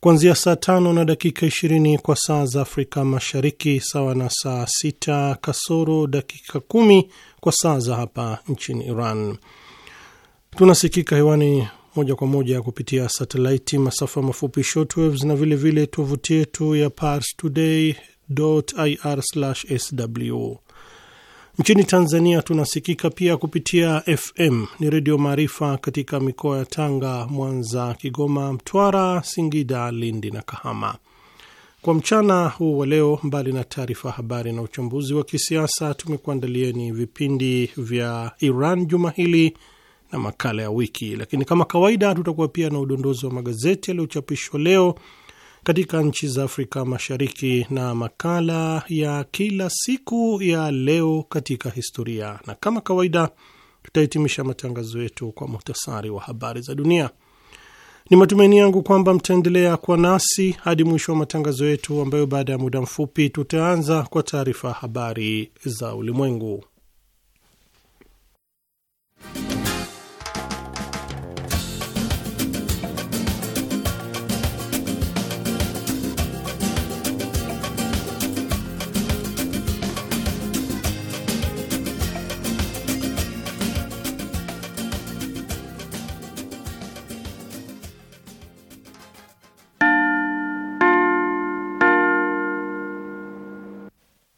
kuanzia saa tano na dakika ishirini kwa saa za Afrika Mashariki, sawa na saa sita kasoro dakika kumi kwa saa za hapa nchini Iran. Tunasikika hewani moja kwa moja kupitia satelaiti, masafa mafupi shortwaves, na vilevile tovuti yetu ya Pars Today ir sw Nchini Tanzania tunasikika pia kupitia FM ni Redio Maarifa katika mikoa ya Tanga, Mwanza, Kigoma, Mtwara, Singida, Lindi na Kahama. Kwa mchana huu wa leo, mbali na taarifa habari na uchambuzi wa kisiasa, tumekuandalieni vipindi vya Iran juma hili na makala ya wiki, lakini kama kawaida tutakuwa pia na udondozi wa magazeti yaliyochapishwa leo katika nchi za Afrika Mashariki na makala ya kila siku ya leo katika historia, na kama kawaida tutahitimisha matangazo yetu kwa muhtasari wa habari za dunia. Ni matumaini yangu kwamba mtaendelea kuwa nasi hadi mwisho wa matangazo yetu, ambayo baada ya muda mfupi tutaanza kwa taarifa habari za ulimwengu.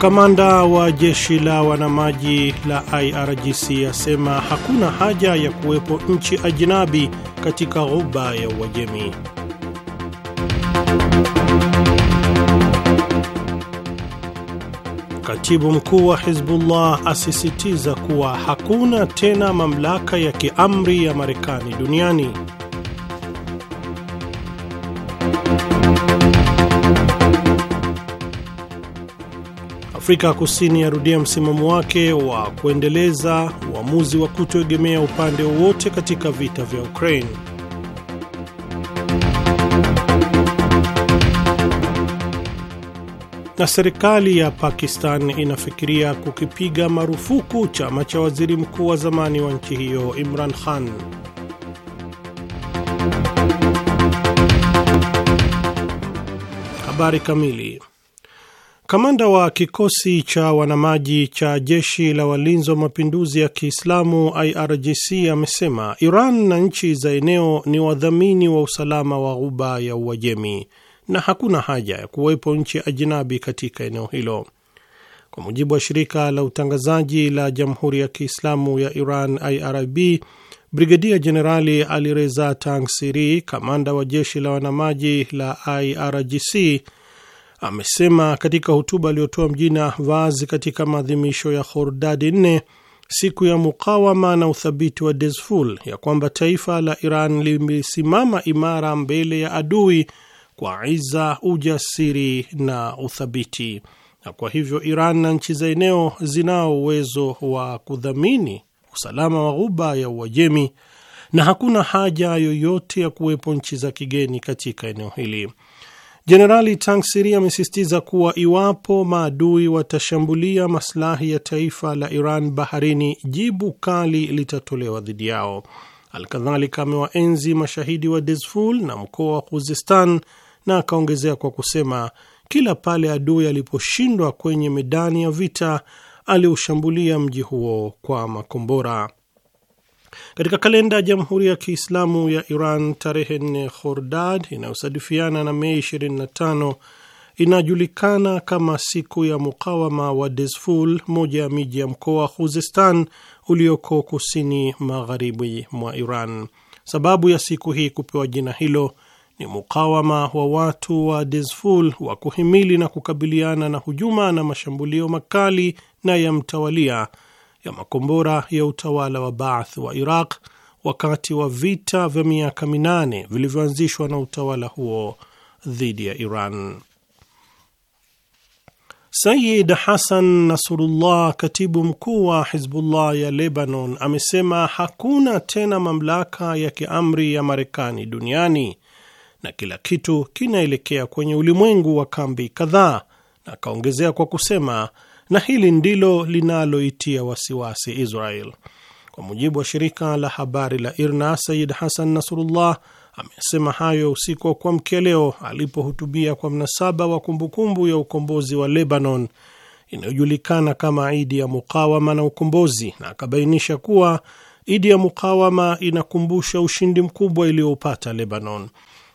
Kamanda wa jeshi la wanamaji la IRGC asema hakuna haja ya kuwepo nchi ajinabi katika ghuba ya Uajemi. Katibu mkuu wa Hizbullah asisitiza kuwa hakuna tena mamlaka ya kiamri ya Marekani duniani. Afrika Kusini yarudia msimamo wake wa kuendeleza uamuzi wa kutoegemea upande wowote katika vita vya Ukraine. Na serikali ya Pakistan inafikiria kukipiga marufuku chama cha waziri mkuu wa zamani wa nchi hiyo Imran Khan. Habari kamili Kamanda wa kikosi cha wanamaji cha jeshi la walinzi wa mapinduzi ya Kiislamu IRGC amesema Iran na nchi za eneo ni wadhamini wa usalama wa Ghuba ya Uajemi na hakuna haja ya kuwepo nchi ajinabi katika eneo hilo. Kwa mujibu wa shirika la utangazaji la Jamhuri ya Kiislamu ya Iran IRIB, Brigedia Jenerali Alireza Tangsiri, kamanda wa jeshi la wanamaji la IRGC amesema katika hotuba aliyotoa mjini Ahvaz katika maadhimisho ya Khordadi nne siku ya mukawama na uthabiti wa Dezful ya kwamba taifa la Iran limesimama imara mbele ya adui kwa iza, ujasiri na uthabiti, na kwa hivyo Iran na nchi za eneo zinao uwezo wa kudhamini usalama wa Ghuba ya Uajemi na hakuna haja yoyote ya kuwepo nchi za kigeni katika eneo hili. Jenerali Tang Siri amesisitiza kuwa iwapo maadui watashambulia maslahi ya taifa la Iran baharini, jibu kali litatolewa dhidi yao. Alkadhalika amewaenzi mashahidi wa Dezful na mkoa wa khuzistan na akaongezea kwa kusema, kila pale adui aliposhindwa kwenye medani ya vita aliushambulia mji huo kwa makombora. Katika kalenda ya Jamhuri ya Kiislamu ya Iran, tarehe 4 Khordad inayosadifiana na Mei 25 inajulikana kama siku ya mukawama wa Desful, moja ya miji ya mkoa wa Khuzestan ulioko kusini magharibi mwa Iran. Sababu ya siku hii kupewa jina hilo ni mukawama wa watu wa Desful wa kuhimili na kukabiliana na hujuma na mashambulio makali na ya mtawalia ya makombora ya utawala wa Baath wa Iraq wakati wa vita vya miaka minane vilivyoanzishwa na utawala huo dhidi ya Iran. Sayid Hasan Nasrullah, katibu mkuu wa Hizbullah ya Lebanon, amesema hakuna tena mamlaka ya kiamri ya Marekani duniani na kila kitu kinaelekea kwenye ulimwengu wa kambi kadhaa, na akaongezea kwa kusema na hili ndilo linaloitia wasiwasi Israel. Kwa mujibu wa shirika la habari la IRNA, Sayid Hasan Nasrullah amesema hayo usiku wa kuamkia leo alipohutubia kwa mnasaba wa kumbukumbu ya ukombozi wa Lebanon inayojulikana kama Idi ya Mukawama na Ukombozi, na akabainisha kuwa Idi ya Mukawama inakumbusha ushindi mkubwa iliyoupata Lebanon.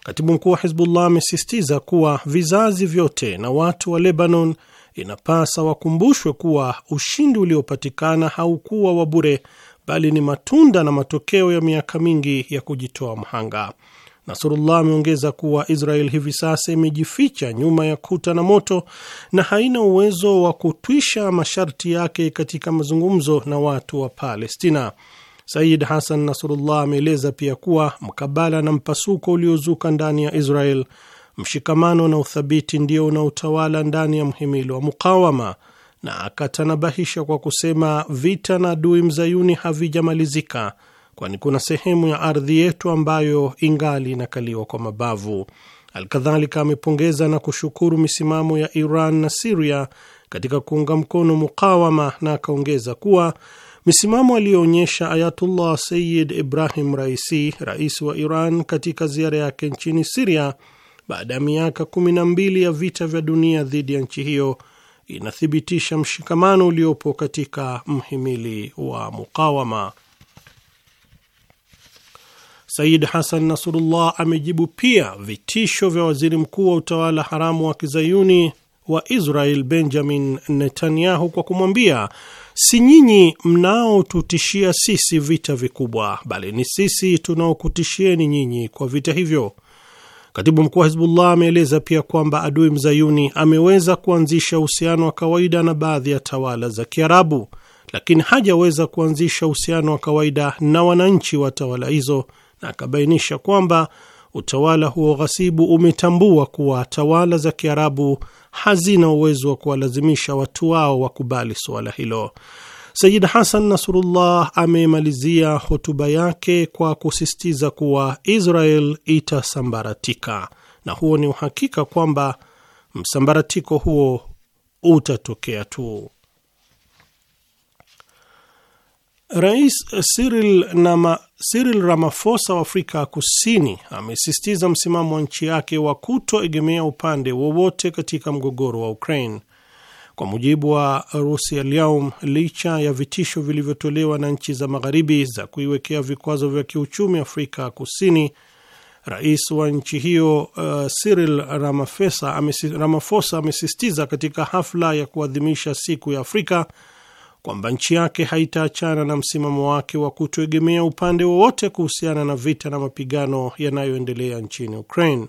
Katibu mkuu wa Hizbullah amesisitiza kuwa vizazi vyote na watu wa Lebanon inapasa wakumbushwe kuwa ushindi uliopatikana haukuwa wa bure, bali ni matunda na matokeo ya miaka mingi ya kujitoa mhanga. Nasrullah ameongeza kuwa Israel hivi sasa imejificha nyuma ya kuta na moto na haina uwezo wa kutwisha masharti yake katika mazungumzo na watu wa Palestina. Said hasan Nasrullah ameeleza pia kuwa mkabala na mpasuko uliozuka ndani ya Israel Mshikamano na uthabiti ndio unaotawala ndani ya mhimili wa mukawama, na akatanabahisha kwa kusema vita na adui mzayuni havijamalizika, kwani kuna sehemu ya ardhi yetu ambayo ingali inakaliwa kwa mabavu. Alkadhalika amepongeza na kushukuru misimamo ya Iran na Siria katika kuunga mkono mukawama, na akaongeza kuwa misimamo aliyoonyesha Ayatullah Sayyid Ibrahim Raisi, rais wa Iran, katika ziara yake nchini Siria baada ya miaka kumi na mbili ya vita vya dunia dhidi ya nchi hiyo inathibitisha mshikamano uliopo katika mhimili wa mukawama. Said Hasan Nasrullah amejibu pia vitisho vya waziri mkuu wa utawala haramu wa kizayuni wa Israel Benjamin Netanyahu kwa kumwambia, si nyinyi mnaotutishia sisi vita vikubwa, bali ni sisi tunaokutishieni nyinyi kwa vita hivyo. Katibu mkuu wa Hizbullah ameeleza pia kwamba adui mzayuni ameweza kuanzisha uhusiano wa kawaida na baadhi ya tawala za Kiarabu, lakini hajaweza kuanzisha uhusiano wa kawaida na wananchi wa tawala hizo, na akabainisha kwamba utawala huo ghasibu umetambua kuwa tawala za Kiarabu hazina uwezo wa kuwalazimisha watu wao wakubali suala hilo. Sayid Hasan Nasrullah amemalizia hotuba yake kwa kusisitiza kuwa Israel itasambaratika, na huo ni uhakika kwamba msambaratiko huo utatokea tu. Rais Cyril, Nama, Cyril Ramaphosa wa Afrika Kusini amesisitiza msimamo wa nchi yake wa kutoegemea upande wowote katika mgogoro wa Ukraine. Kwa mujibu wa Rusia Alyaum, licha ya vitisho vilivyotolewa na nchi za magharibi za kuiwekea vikwazo vya kiuchumi Afrika Kusini, rais wa nchi hiyo uh, Cyril Ramaphosa amesisitiza katika hafla ya kuadhimisha siku ya Afrika kwamba nchi yake haitaachana na msimamo wake wa kutoegemea upande wowote kuhusiana na vita na mapigano yanayoendelea nchini Ukraine.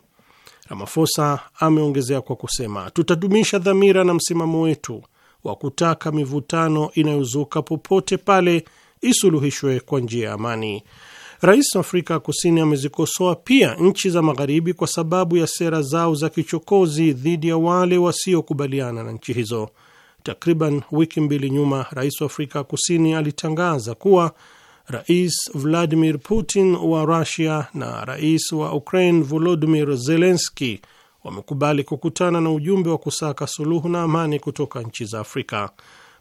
Ramaphosa ameongezea kwa kusema, tutadumisha dhamira na msimamo wetu wa kutaka mivutano inayozuka popote pale isuluhishwe kwa njia ya amani. Rais wa Afrika Kusini amezikosoa pia nchi za Magharibi kwa sababu ya sera zao za kichokozi dhidi ya wale wasiokubaliana na nchi hizo. Takriban wiki mbili nyuma, rais wa Afrika Kusini alitangaza kuwa Rais Vladimir Putin wa Rusia na rais wa Ukraine Volodimir Zelenski wamekubali kukutana na ujumbe wa kusaka suluhu na amani kutoka nchi za Afrika.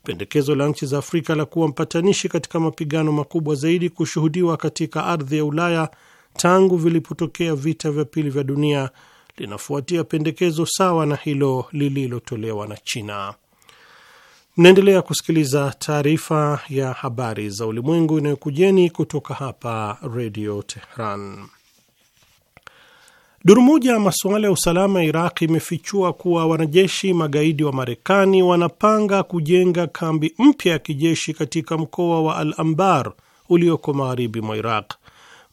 Pendekezo la nchi za Afrika la kuwa mpatanishi katika mapigano makubwa zaidi kushuhudiwa katika ardhi ya Ulaya tangu vilipotokea vita vya pili vya dunia linafuatia pendekezo sawa na hilo lililotolewa na China. Mnaendelea kusikiliza taarifa ya habari za ulimwengu inayokujeni kutoka hapa redio Tehran. Duru moja ya masuala ya usalama ya Iraq imefichua kuwa wanajeshi magaidi wa Marekani wanapanga kujenga kambi mpya ya kijeshi katika mkoa wa Al Ambar ulioko magharibi mwa Iraq.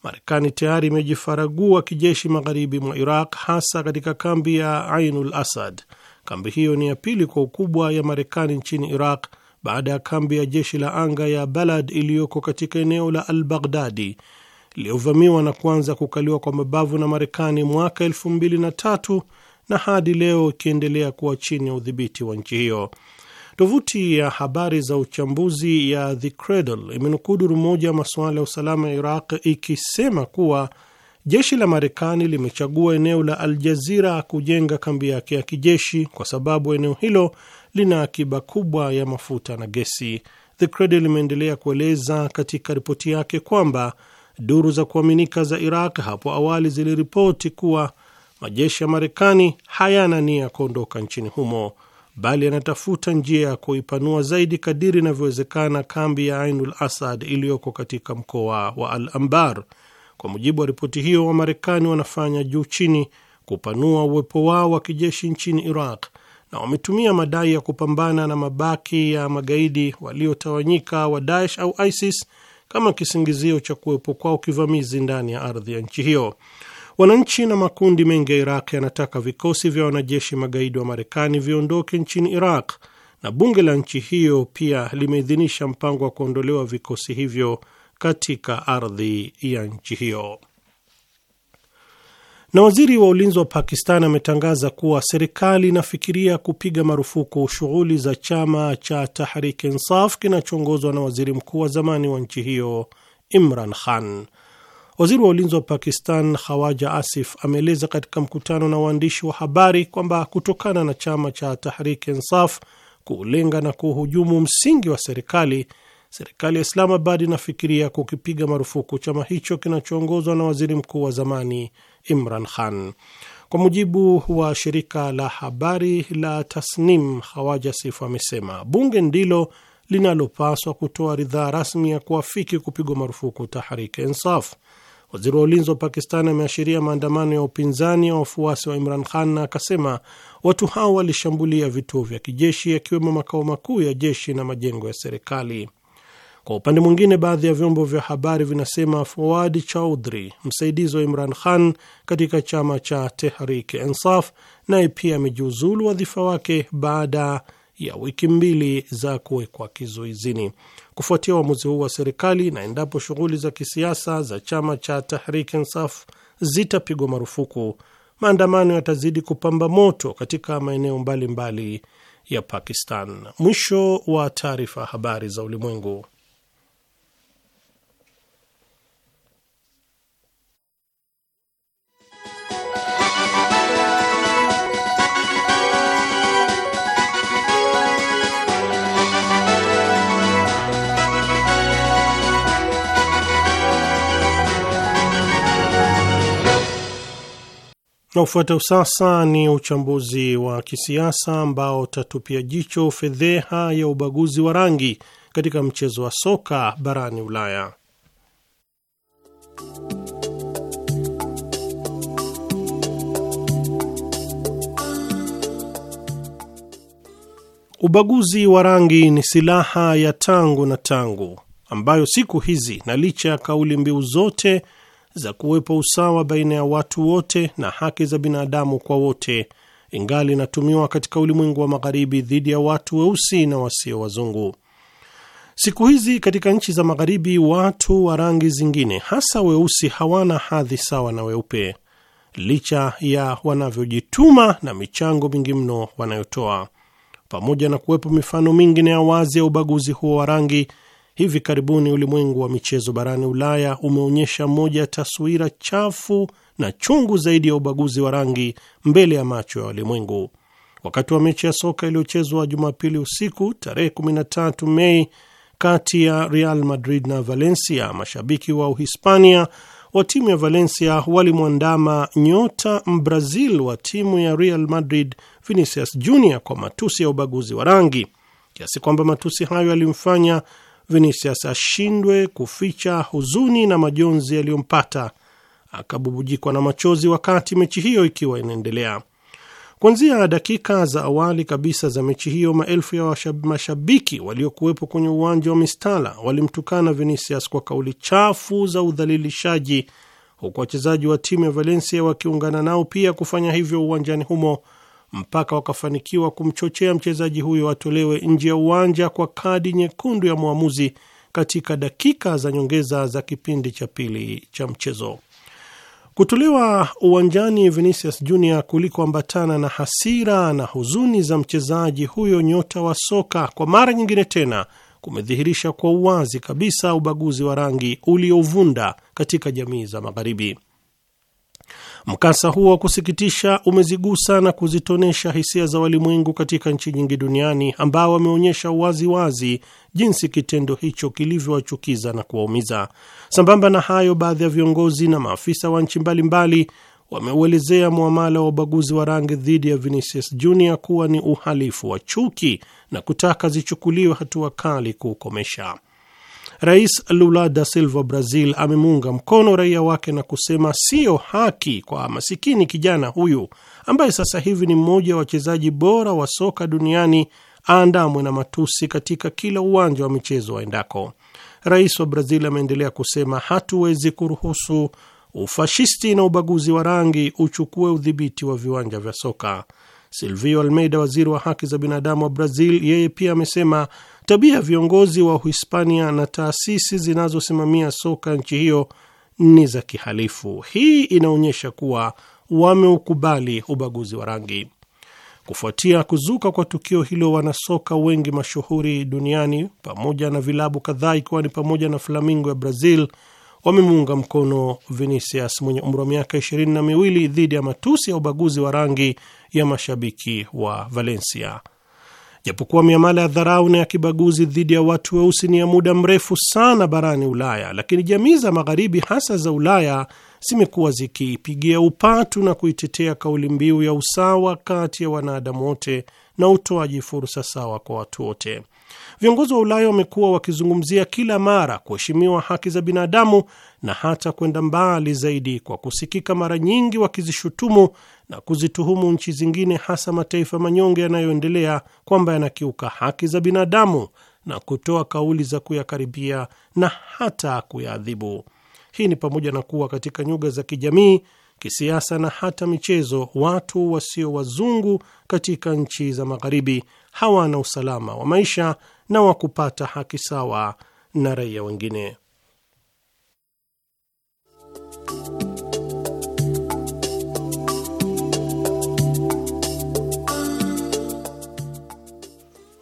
Marekani tayari imejifaragua kijeshi magharibi mwa Iraq, hasa katika kambi ya Ainul Asad. Kambi hiyo ni ya pili kwa ukubwa ya Marekani nchini Iraq baada ya kambi ya jeshi la anga ya Balad iliyoko katika eneo la Al Baghdadi iliyovamiwa na kuanza kukaliwa kwa mabavu na Marekani mwaka elfu mbili na tatu na hadi leo ikiendelea kuwa chini ya udhibiti wa nchi hiyo. Tovuti ya habari za uchambuzi ya The Cradle imenukuu duru moja ya masuala ya usalama ya Iraq ikisema kuwa Jeshi la Marekani limechagua eneo la Aljazira kujenga kambi yake ya kijeshi kwa sababu eneo hilo lina akiba kubwa ya mafuta na gesi. The Credo limeendelea kueleza katika ripoti yake kwamba duru za kuaminika za Iraq hapo awali ziliripoti kuwa majeshi ya Marekani hayana nia ya kuondoka nchini humo, bali yanatafuta njia ya kuipanua zaidi kadiri inavyowezekana kambi ya Ainul Asad iliyoko katika mkoa wa Al ambar kwa mujibu wa ripoti hiyo, Wamarekani wanafanya juu chini kupanua uwepo wao wa kijeshi nchini Iraq na wametumia madai ya kupambana na mabaki ya magaidi waliotawanyika wa Daesh au ISIS kama kisingizio cha kuwepo kwao kivamizi ndani ya ardhi ya nchi hiyo. Wananchi na makundi mengi ya Iraq yanataka vikosi vya wanajeshi magaidi wa Marekani viondoke nchini Iraq, na bunge la nchi hiyo pia limeidhinisha mpango wa kuondolewa vikosi hivyo katika ardhi ya nchi hiyo. Na waziri wa ulinzi wa Pakistan ametangaza kuwa serikali inafikiria kupiga marufuku shughuli za chama cha Tahrik Insaf kinachoongozwa na waziri mkuu wa zamani wa nchi hiyo Imran Khan. Waziri wa ulinzi wa Pakistan Khawaja Asif ameeleza katika mkutano na waandishi wa habari kwamba kutokana na chama cha Tahrik Insaf kulenga na kuhujumu msingi wa serikali serikali ya Islamabad inafikiria kukipiga marufuku chama hicho kinachoongozwa na waziri mkuu wa zamani Imran Khan. Kwa mujibu wa shirika la habari la Tasnim, Hawaja Sifu amesema bunge ndilo linalopaswa kutoa ridhaa rasmi ya kuafiki kupigwa marufuku Tahriki Insaf. Waziri wa ulinzi wa Pakistani ameashiria maandamano ya upinzani ya wafuasi wa Imran Khan na akasema watu hao walishambulia vituo vya kijeshi, yakiwemo makao makuu ya jeshi na majengo ya serikali. Kwa upande mwingine, baadhi ya vyombo vya habari vinasema Fuadi Chaudhry, msaidizi wa Imran Khan katika chama cha Tehrik Insaf, naye pia amejiuzulu wadhifa wake baada ya wiki mbili za kuwekwa kizuizini kufuatia uamuzi huu wa serikali. Na endapo shughuli za kisiasa za chama cha Tahrik Insaf zitapigwa marufuku, maandamano yatazidi kupamba moto katika maeneo mbalimbali ya Pakistan. Mwisho wa taarifa. Habari za Ulimwengu. Na ufuatao sasa ni uchambuzi wa kisiasa ambao utatupia jicho fedheha ya ubaguzi wa rangi katika mchezo wa soka barani Ulaya. Ubaguzi wa rangi ni silaha ya tangu na tangu ambayo siku hizi na licha ya kauli mbiu zote za kuwepo usawa baina ya watu wote na haki za binadamu kwa wote ingali inatumiwa katika ulimwengu wa Magharibi dhidi ya watu weusi na wasio wazungu. Siku hizi katika nchi za Magharibi, watu wa rangi zingine, hasa weusi, hawana hadhi sawa na weupe, licha ya wanavyojituma na michango mingi mno wanayotoa. Pamoja na kuwepo mifano mingine ya wazi ya ubaguzi huo wa rangi Hivi karibuni ulimwengu wa michezo barani Ulaya umeonyesha moja ya taswira chafu na chungu zaidi ya ubaguzi wa rangi mbele ya macho ya ulimwengu Wakati wa mechi ya soka iliyochezwa Jumapili usiku tarehe 13 Mei kati ya Real Madrid na Valencia, mashabiki wa Uhispania wa timu ya Valencia walimwandama nyota Mbrazil wa timu ya Real Madrid Vinicius Junior kwa matusi ya ubaguzi wa rangi kiasi kwamba matusi hayo yalimfanya Vinicius ashindwe kuficha huzuni na majonzi yaliyompata, akabubujikwa na machozi wakati mechi hiyo ikiwa inaendelea. Kuanzia dakika za awali kabisa za mechi hiyo, maelfu ya mashabiki waliokuwepo kwenye uwanja wa Mistala walimtukana Vinicius kwa kauli chafu za udhalilishaji, huku wachezaji wa timu ya Valencia wakiungana nao pia kufanya hivyo uwanjani humo mpaka wakafanikiwa kumchochea mchezaji huyo atolewe nje ya uwanja kwa kadi nyekundu ya mwamuzi katika dakika za nyongeza za kipindi cha pili cha mchezo. Kutolewa uwanjani Vinicius Junior kulikoambatana na hasira na huzuni za mchezaji huyo nyota wa soka, kwa mara nyingine tena kumedhihirisha kwa uwazi kabisa ubaguzi wa rangi uliovunda katika jamii za Magharibi. Mkasa huo wa kusikitisha umezigusa na kuzitonesha hisia za walimwengu katika nchi nyingi duniani ambao wameonyesha waziwazi jinsi kitendo hicho kilivyowachukiza na kuwaumiza. Sambamba na hayo, baadhi ya viongozi na maafisa wa nchi mbalimbali wameuelezea mwamala wa ubaguzi wa rangi dhidi ya Vinicius Junior kuwa ni uhalifu wa chuki na kutaka zichukuliwe hatua kali kuukomesha. Rais Lula da Silva Brazil amemuunga mkono raia wake na kusema siyo haki kwa masikini kijana huyu ambaye sasa hivi ni mmoja wa wachezaji bora wa soka duniani aandamwe na matusi katika kila uwanja wa michezo waendako. Rais wa Brazil ameendelea kusema, hatuwezi kuruhusu ufashisti na ubaguzi wa rangi uchukue udhibiti wa viwanja vya soka. Silvio Almeida, waziri wa haki za binadamu wa Brazil, yeye pia amesema tabia ya viongozi wa Uhispania na taasisi zinazosimamia soka nchi hiyo ni za kihalifu. Hii inaonyesha kuwa wameukubali ubaguzi wa rangi. Kufuatia kuzuka kwa tukio hilo, wanasoka wengi mashuhuri duniani pamoja na vilabu kadhaa, ikiwa ni pamoja na Flamingo ya Brazil wamemuunga mkono Vinicius mwenye umri wa miaka ishirini na miwili dhidi ya matusi ya ubaguzi wa rangi ya mashabiki wa Valencia. Japokuwa miamala ya dharau na ya kibaguzi dhidi ya watu weusi ni ya muda mrefu sana barani Ulaya, lakini jamii za magharibi hasa za Ulaya zimekuwa zikiipigia upatu na kuitetea kauli mbiu ya usawa kati ya wanadamu wote na utoaji fursa sawa kwa watu wote. Viongozi wa Ulaya wamekuwa wakizungumzia kila mara kuheshimiwa haki za binadamu na hata kwenda mbali zaidi kwa kusikika mara nyingi wakizishutumu na kuzituhumu nchi zingine, hasa mataifa manyonge yanayoendelea kwamba yanakiuka haki za binadamu na kutoa kauli za kuyakaribia na hata kuyaadhibu. Hii ni pamoja na kuwa katika nyuga za kijamii, kisiasa na hata michezo, watu wasio wazungu katika nchi za magharibi hawana usalama wa maisha na wa kupata haki sawa na raia wengine.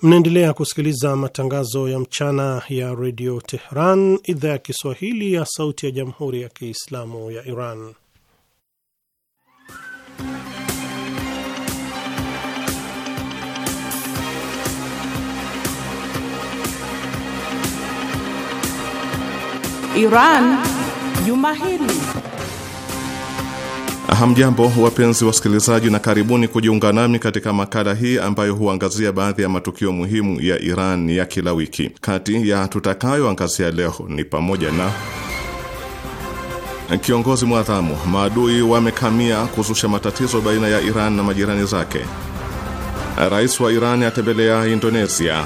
Mnaendelea kusikiliza matangazo ya mchana ya redio Tehran, idhaa ya Kiswahili ya sauti ya jamhuri ya kiislamu ya Iran. Iran juma hili. Hamjambo wapenzi wasikilizaji, na karibuni kujiunga nami katika makala hii ambayo huangazia baadhi ya matukio muhimu ya Iran ya kila wiki. Kati ya tutakayoangazia leo ni pamoja na kiongozi mwadhamu, maadui wamekamia kuzusha matatizo baina ya Iran na majirani zake, rais wa Iran atembelea Indonesia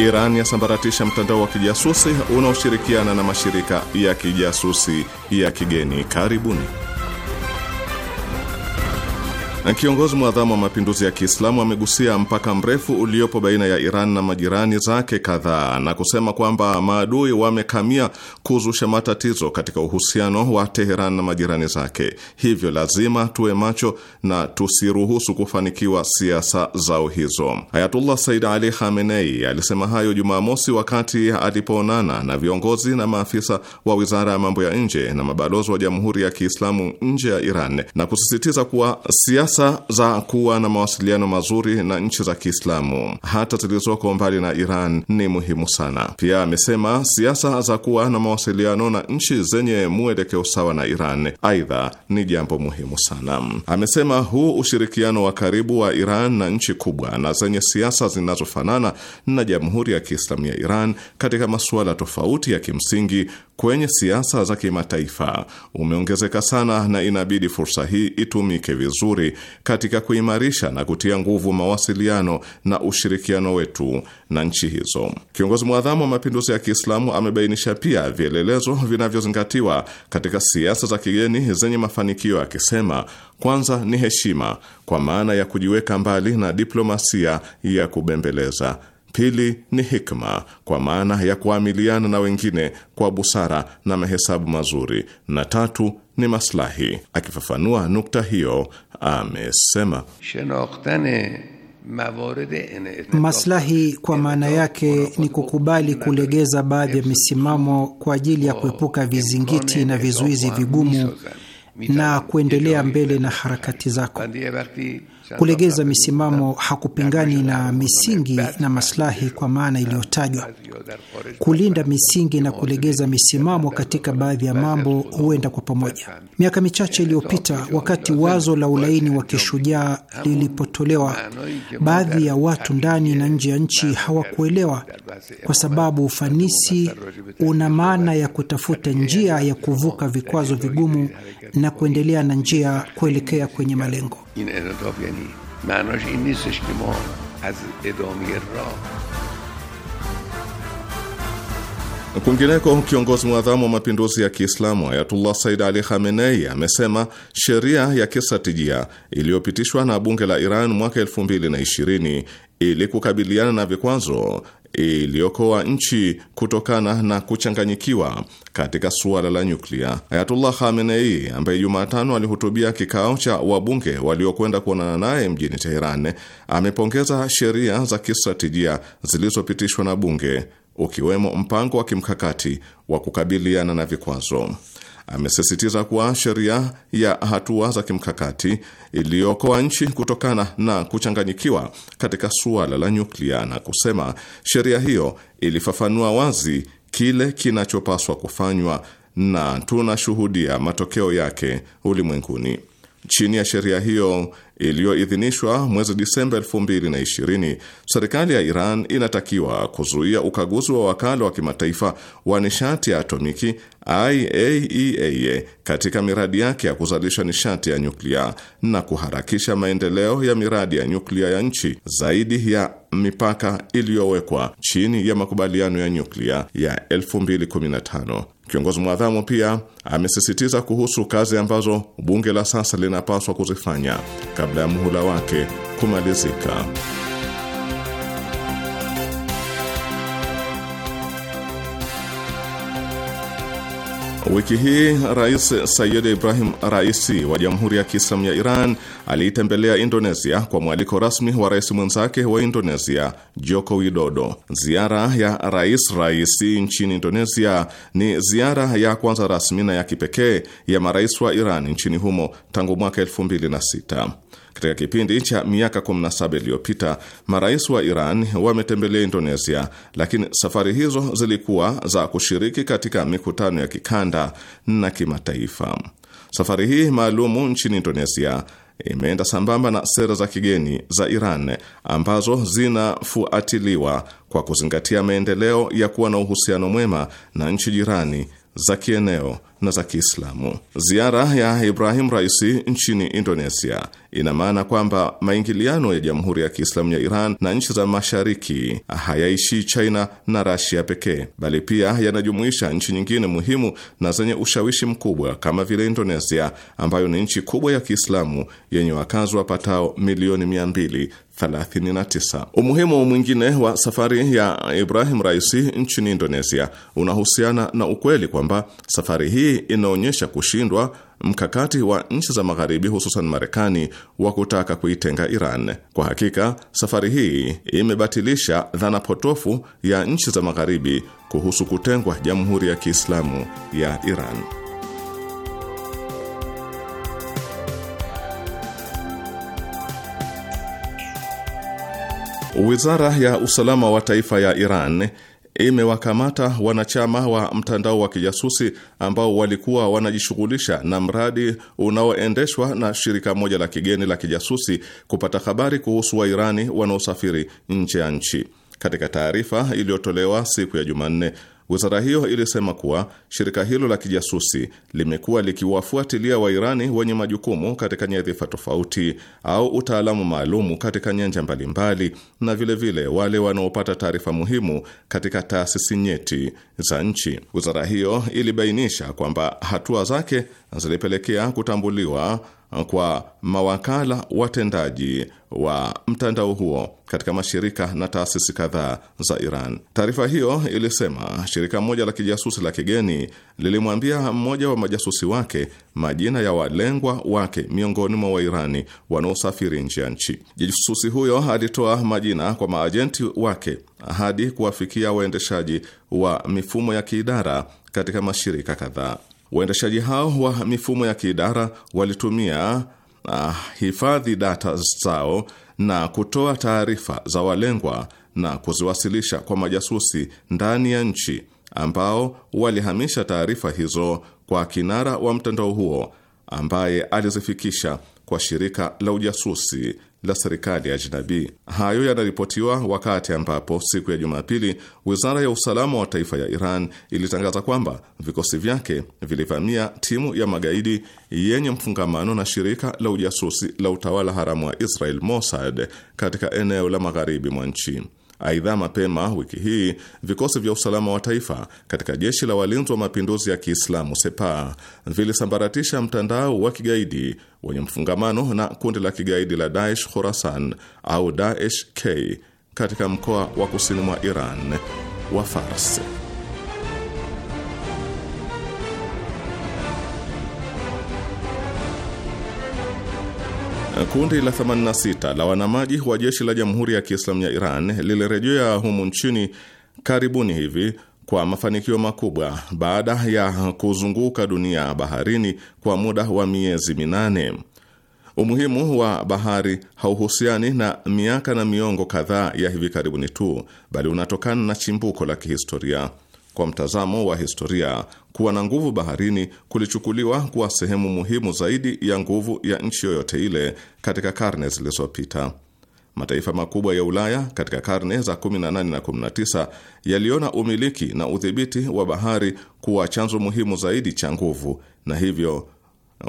Iran yasambaratisha mtandao wa kijasusi unaoshirikiana na mashirika ya kijasusi ya kigeni. Karibuni. Kiongozi mwadhamu wa mapinduzi ya Kiislamu amegusia mpaka mrefu uliopo baina ya Iran na majirani zake kadhaa na kusema kwamba maadui wamekamia kuzusha matatizo katika uhusiano wa Teheran na majirani zake, hivyo lazima tuwe macho na tusiruhusu kufanikiwa siasa zao hizo. Ayatullah Said Ali Khamenei alisema hayo Jumamosi wakati alipoonana na viongozi na maafisa wa wizara ya mambo ya nje na mabalozi wa Jamhuri ya Kiislamu nje ya Iran na kusisitiza kuwa siasa fursa za kuwa na mawasiliano mazuri na nchi za Kiislamu hata zilizoko mbali na Iran ni muhimu sana. Pia amesema siasa za kuwa na mawasiliano na nchi zenye mwelekeo sawa na Iran aidha ni jambo muhimu sana. Amesema huu ushirikiano wa karibu wa Iran na nchi kubwa na zenye siasa zinazofanana na Jamhuri ya Kiislamu ya Iran katika masuala tofauti ya kimsingi kwenye siasa za kimataifa umeongezeka sana na inabidi fursa hii itumike vizuri katika kuimarisha na kutia nguvu mawasiliano na ushirikiano wetu na nchi hizo. Kiongozi mwadhamu wa mapinduzi ya Kiislamu amebainisha pia vielelezo vinavyozingatiwa katika siasa za kigeni zenye mafanikio akisema, kwanza ni heshima, kwa maana ya kujiweka mbali na diplomasia ya kubembeleza. Pili ni hikma kwa maana ya kuamiliana na wengine kwa busara na mahesabu mazuri, na tatu ni maslahi. Akifafanua nukta hiyo, amesema maslahi kwa maana yake ni kukubali kulegeza baadhi ya misimamo kwa ajili ya kuepuka vizingiti na vizuizi vigumu na kuendelea mbele na harakati zako. Kulegeza misimamo hakupingani na misingi na maslahi kwa maana iliyotajwa. Kulinda misingi na kulegeza misimamo katika baadhi ya mambo huenda kwa pamoja. Miaka michache iliyopita, wakati wazo la ulaini wa kishujaa lilipotolewa, baadhi ya watu ndani na nje ya nchi hawakuelewa, kwa sababu ufanisi una maana ya kutafuta njia ya kuvuka vikwazo vigumu na kuendelea na njia kuelekea kwenye malengo. این انعطاف یعنی معناش این نیستش که ما از ادامه راه Kwingineko, kiongozi mwadhamu wa mapinduzi ya Kiislamu Ayatullah Said Ali Khamenei amesema sheria ya kistratijia iliyopitishwa na bunge la Iran mwaka 2020 ili kukabiliana na vikwazo iliyokoa nchi kutokana na kuchanganyikiwa katika suala la nyuklia. Ayatullah Khamenei ambaye Jumatano alihutubia kikao cha wabunge waliokwenda kuonana naye mjini Teheran amepongeza sheria za kistratejia zilizopitishwa na bunge ukiwemo mpango wa kimkakati wa kukabiliana na vikwazo. Amesisitiza kuwa sheria ya hatua za kimkakati iliyokoa nchi kutokana na kuchanganyikiwa katika suala la nyuklia na kusema sheria hiyo ilifafanua wazi kile kinachopaswa kufanywa na tunashuhudia matokeo yake ulimwenguni. Chini ya sheria hiyo iliyoidhinishwa mwezi Disemba 2020, serikali ya Iran inatakiwa kuzuia ukaguzi wa wakala wa kimataifa wa nishati ya atomiki IAEA e katika miradi yake ya kuzalisha nishati ya nyuklia na kuharakisha maendeleo ya miradi ya nyuklia ya nchi zaidi ya mipaka iliyowekwa chini ya makubaliano ya nyuklia ya 2015. Kiongozi mwadhamu pia amesisitiza kuhusu kazi ambazo bunge la sasa linapaswa kuzifanya kabla ya muhula wake kumalizika. Wiki hii Rais Sayyid Ibrahim Raisi wa Jamhuri ya Kiislamu ya Iran aliitembelea Indonesia kwa mwaliko rasmi wa rais mwenzake wa Indonesia Joko Widodo. Ziara ya Rais Raisi nchini Indonesia ni ziara ya kwanza rasmi na ya kipekee ya marais wa Iran nchini humo tangu mwaka 2006. Katika kipindi cha miaka 17 iliyopita, marais wa Iran wametembelea Indonesia, lakini safari hizo zilikuwa za kushiriki katika mikutano ya kikanda na kimataifa. Safari hii maalumu nchini Indonesia imeenda sambamba na sera za kigeni za Iran ambazo zinafuatiliwa kwa kuzingatia maendeleo ya kuwa na uhusiano mwema na nchi jirani za kieneo na za Kiislamu. Ziara ya Ibrahim Raisi nchini Indonesia ina maana kwamba maingiliano ya Jamhuri ya Kiislamu ya Iran na nchi za Mashariki hayaishi China na Rasia pekee, bali pia yanajumuisha nchi nyingine muhimu na zenye ushawishi mkubwa kama vile Indonesia ambayo ni nchi kubwa ya Kiislamu yenye wakazi wapatao milioni mbili 39. Umuhimu mwingine wa safari ya Ibrahim Raisi nchini Indonesia unahusiana na ukweli kwamba safari hii hii inaonyesha kushindwa mkakati wa nchi za Magharibi, hususan Marekani, wa kutaka kuitenga Iran. Kwa hakika, safari hii imebatilisha dhana potofu ya nchi za Magharibi kuhusu kutengwa Jamhuri ya Kiislamu ya Iran. Wizara ya usalama wa taifa ya Iran imewakamata wanachama wa mtandao wa kijasusi ambao walikuwa wanajishughulisha na mradi unaoendeshwa na shirika moja la kigeni la kijasusi kupata habari kuhusu Wairani wanaosafiri nje ya nchi. Katika taarifa iliyotolewa siku ya Jumanne, Wizara hiyo ilisema kuwa shirika hilo la kijasusi limekuwa likiwafuatilia Wairani wenye majukumu katika nyadhifa tofauti au utaalamu maalumu katika nyanja mbalimbali na vilevile vile wale wanaopata taarifa muhimu katika taasisi nyeti za nchi. Wizara hiyo ilibainisha kwamba hatua zake zilipelekea kutambuliwa kwa mawakala watendaji wa mtandao huo katika mashirika na taasisi kadhaa za Iran. Taarifa hiyo ilisema shirika moja la kijasusi la kigeni lilimwambia mmoja wa majasusi wake majina ya walengwa wake miongoni mwa Wairani wanaosafiri nje ya nchi. Jasusi huyo alitoa majina kwa maajenti wake hadi kuwafikia waendeshaji wa mifumo ya kiidara katika mashirika kadhaa. Waendeshaji hao wa mifumo ya kiidara walitumia ah, hifadhi data zao na kutoa taarifa za walengwa na kuziwasilisha kwa majasusi ndani ya nchi ambao walihamisha taarifa hizo kwa kinara wa mtandao huo ambaye alizifikisha kwa shirika la ujasusi la serikali ya jinabi Hayo yanaripotiwa wakati ambapo siku ya Jumapili wizara ya usalama wa taifa ya Iran ilitangaza kwamba vikosi vyake vilivamia timu ya magaidi yenye mfungamano na shirika la ujasusi la utawala haramu wa Israel Mossad katika eneo la magharibi mwa nchi. Aidha, mapema wiki hii vikosi vya usalama wa taifa katika jeshi la walinzi wa mapinduzi ya Kiislamu sepa vilisambaratisha mtandao wa kigaidi wenye mfungamano na kundi la kigaidi la Daesh khurasan au Daesh K katika mkoa wa kusini mwa Iran wa Fars. Kundi la 86 la wanamaji wa jeshi la Jamhuri ya Kiislamu ya Iran lilirejea humu nchini karibuni hivi kwa mafanikio makubwa baada ya kuzunguka dunia baharini kwa muda wa miezi minane. Umuhimu wa bahari hauhusiani na miaka na miongo kadhaa ya hivi karibuni tu, bali unatokana na chimbuko la kihistoria. Kwa mtazamo wa historia, kuwa na nguvu baharini kulichukuliwa kuwa sehemu muhimu zaidi ya nguvu ya nchi yoyote ile katika karne zilizopita. Mataifa makubwa ya Ulaya katika karne za 18 na 19 yaliona umiliki na udhibiti wa bahari kuwa chanzo muhimu zaidi cha nguvu, na hivyo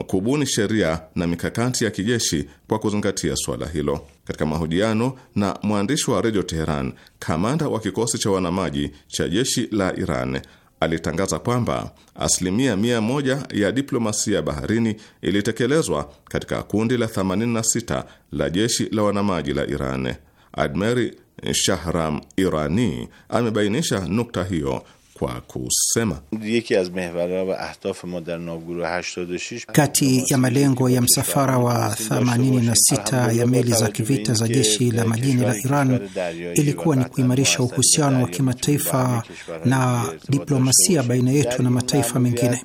kubuni sheria na mikakati ya kijeshi kwa kuzingatia suala hilo. Katika mahojiano na mwandishi wa redio Teheran, kamanda wa kikosi cha wanamaji cha jeshi la Iran alitangaza kwamba asilimia mia moja ya diplomasia ya baharini ilitekelezwa katika kundi la 86 la jeshi la wanamaji la Iran. Admeri Shahram Irani amebainisha nukta hiyo kwa kusema kati ya malengo ya msafara wa 86 ya meli za kivita za jeshi la majini la Iran ilikuwa ni kuimarisha uhusiano wa kimataifa na diplomasia baina yetu na mataifa mengine.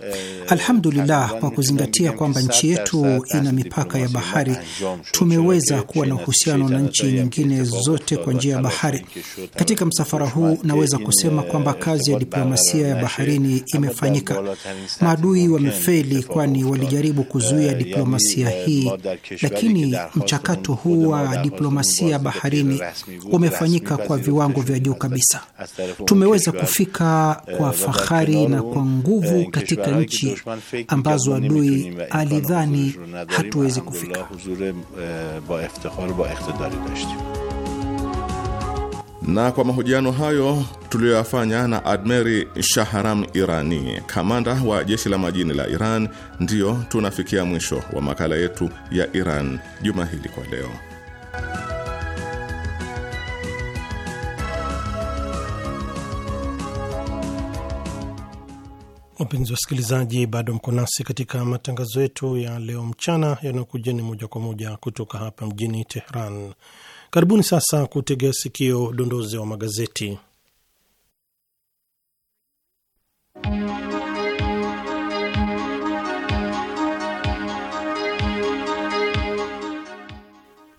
Alhamdulillah, kwa kuzingatia kwamba nchi yetu ina mipaka ya bahari, tumeweza kuwa na uhusiano na nchi nyingine zote kwa njia ya bahari. Katika msafara huu, naweza kusema kwamba kazi ya diplomasia diplomasia ya baharini imefanyika. Maadui wamefeli, kwani walijaribu kuzuia diplomasia hii, lakini mchakato huu wa diplomasia baharini umefanyika kwa viwango vya juu kabisa. Tumeweza kufika kwa fahari na kwa nguvu katika nchi ambazo adui alidhani hatuwezi kufika. Na kwa mahojiano hayo tuliyoyafanya na Admeri Shahram Irani, kamanda wa jeshi la majini la Iran, ndiyo tunafikia mwisho wa makala yetu ya Iran juma hili kwa leo. Wapenzi wasikilizaji, bado mko nasi katika matangazo yetu ya leo mchana ni moja kwa moja kutoka hapa mjini Tehran. Karibuni sasa kutegea sikio dondozi wa magazeti.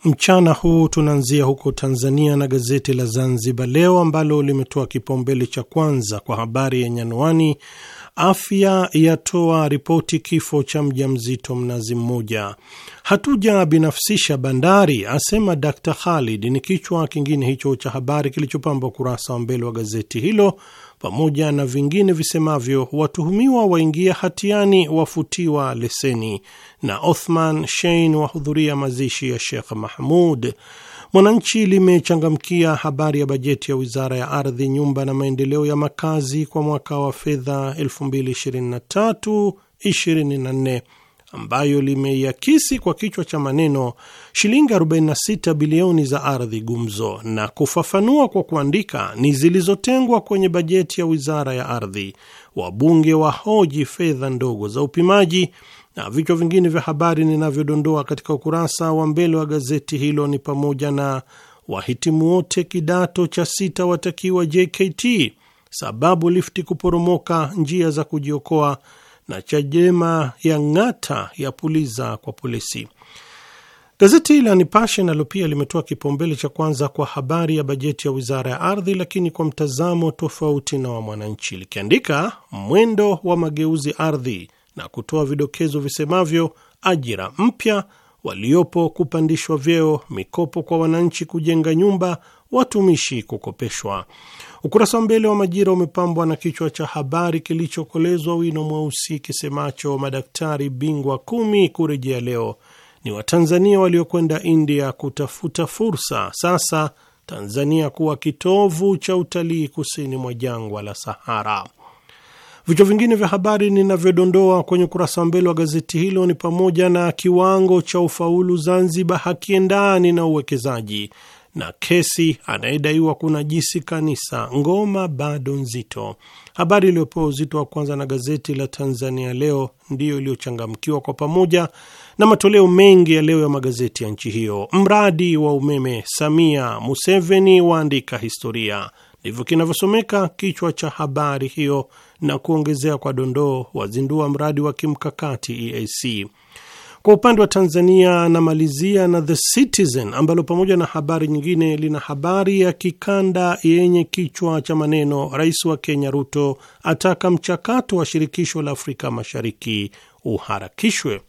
Mchana huu tunaanzia huko Tanzania na gazeti la Zanzibar Leo ambalo limetoa kipaumbele cha kwanza kwa habari yenye anwani Afya yatoa ripoti kifo cha mjamzito mnazi mmoja. Hatuja binafsisha bandari, asema Dr Khalid, ni kichwa kingine hicho cha habari kilichopambwa ukurasa wa mbele wa gazeti hilo, pamoja na vingine visemavyo: watuhumiwa waingia hatiani, wafutiwa leseni, na Othman Shein wahudhuria mazishi ya Sheikh Mahmud. Mwananchi limechangamkia habari ya bajeti ya wizara ya ardhi, nyumba na maendeleo ya makazi kwa mwaka wa fedha 2023/24 ambayo limeiakisi kwa kichwa cha maneno shilingi 46 bilioni za ardhi gumzo, na kufafanua kwa kuandika ni zilizotengwa kwenye bajeti ya wizara ya ardhi. Wabunge wahoji fedha ndogo za upimaji na vichwa vingine vya habari ninavyodondoa katika ukurasa wa mbele wa gazeti hilo ni pamoja na wahitimu wote kidato cha sita watakiwa JKT, sababu lifti kuporomoka, njia za kujiokoa, na Chadema ya ng'ata ya puliza kwa polisi. Gazeti la Nipashe nalo pia limetoa kipaumbele cha kwanza kwa habari ya bajeti ya wizara ya ardhi, lakini kwa mtazamo tofauti na wa Mwananchi, likiandika mwendo wa mageuzi ardhi na kutoa vidokezo visemavyo ajira mpya, waliopo kupandishwa vyeo, mikopo kwa wananchi kujenga nyumba, watumishi kukopeshwa. Ukurasa wa mbele wa Majira umepambwa na kichwa cha habari kilichokolezwa wino mweusi kisemacho madaktari bingwa kumi kurejea leo, ni Watanzania waliokwenda India kutafuta fursa, sasa Tanzania kuwa kitovu cha utalii kusini mwa jangwa la Sahara. Vichwa vingine vya habari ninavyodondoa kwenye ukurasa wa mbele wa gazeti hilo ni pamoja na kiwango cha ufaulu Zanzibar hakiendani na uwekezaji, na kesi anayedaiwa kuna jisi kanisa, ngoma bado nzito. Habari iliyopewa uzito wa kwanza na gazeti la Tanzania Leo ndiyo iliyochangamkiwa kwa pamoja na matoleo mengi ya leo ya magazeti ya nchi hiyo. Mradi wa umeme, Samia Museveni waandika historia, ndivyo kinavyosomeka kichwa cha habari hiyo na kuongezea kwa dondoo, wazindua mradi wa kimkakati EAC. Kwa upande wa Tanzania anamalizia na The Citizen ambalo pamoja na habari nyingine lina habari ya kikanda yenye kichwa cha maneno Rais wa Kenya Ruto ataka mchakato wa shirikisho la Afrika Mashariki uharakishwe.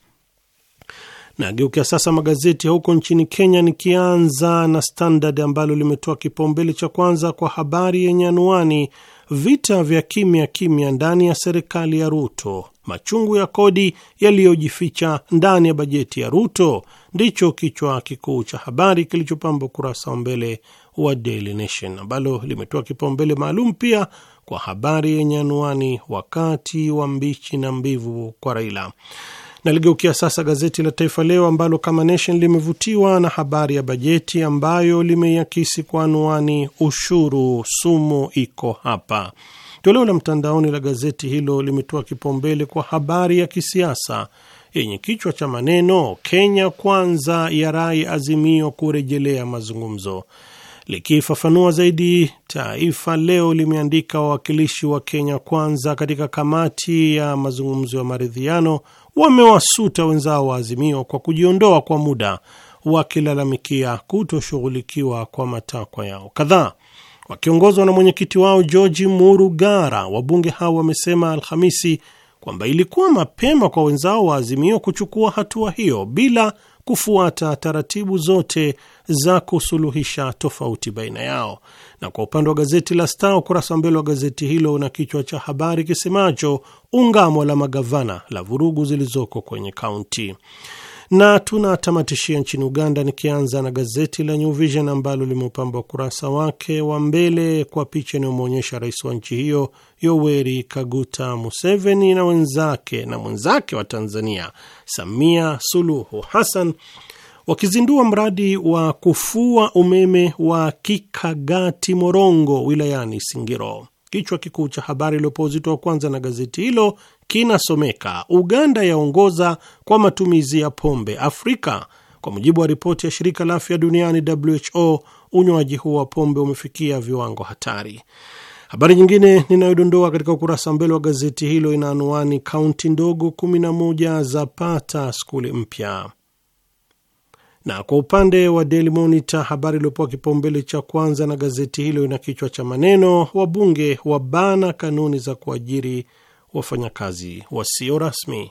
Nageukia sasa magazeti ya huko nchini Kenya, nikianza na Standard ambalo limetoa kipaumbele cha kwanza kwa habari yenye anuani vita vya kimya kimya ndani ya serikali ya Ruto, machungu ya kodi yaliyojificha ndani ya bajeti ya Ruto, ndicho kichwa kikuu cha habari kilichopamba ukurasa wa mbele wa Daily Nation, ambalo limetoa kipaumbele maalum pia kwa habari yenye anwani wakati wa mbichi na mbivu kwa Raila. Naligeukia sasa gazeti la Taifa Leo ambalo kama Nation limevutiwa na habari ya bajeti ambayo limeiakisi kwa anwani ushuru sumu iko hapa. Toleo la mtandaoni la gazeti hilo limetoa kipaumbele kwa habari ya kisiasa yenye kichwa cha maneno Kenya kwanza ya rai azimio kurejelea mazungumzo. Likifafanua zaidi, Taifa Leo limeandika wawakilishi wa Kenya kwanza katika kamati ya mazungumzo ya maridhiano wamewasuta wenzao wa Azimio kwa kujiondoa kwa muda, wakilalamikia kutoshughulikiwa kwa matakwa yao kadhaa. Wakiongozwa na mwenyekiti wao George Murugara, wabunge hao wamesema Alhamisi kwamba ilikuwa mapema kwa wenzao wa Azimio kuchukua hatua hiyo bila kufuata taratibu zote za kusuluhisha tofauti baina yao. Na kwa upande wa gazeti la Star, ukurasa wa mbele wa gazeti hilo una kichwa cha habari kisemacho ungamo la magavana la vurugu zilizoko kwenye kaunti na tunatamatishia nchini Uganda, nikianza na gazeti la New Vision ambalo limeupamba ukurasa wake wa mbele kwa picha inayomwonyesha rais wa nchi hiyo Yoweri Kaguta Museveni na wenzake na mwenzake wa Tanzania Samia Suluhu Hassan wakizindua mradi wa kufua umeme wa Kikagati Morongo wilayani Singiro. Kichwa kikuu cha habari uzito wa kwanza na gazeti hilo kinasomeka Uganda yaongoza kwa matumizi ya pombe Afrika. Kwa mujibu wa ripoti ya shirika la afya duniani WHO, unywaji huu wa pombe umefikia viwango hatari. Habari nyingine ninayodondoa katika ukurasa mbele wa gazeti hilo ina anwani kaunti ndogo 11 zapata skuli mpya. Na kwa upande wa Daily Monitor, habari iliyopewa kipaumbele cha kwanza na gazeti hilo ina kichwa cha maneno wabunge wabana kanuni za kuajiri wafanyakazi wasio rasmi.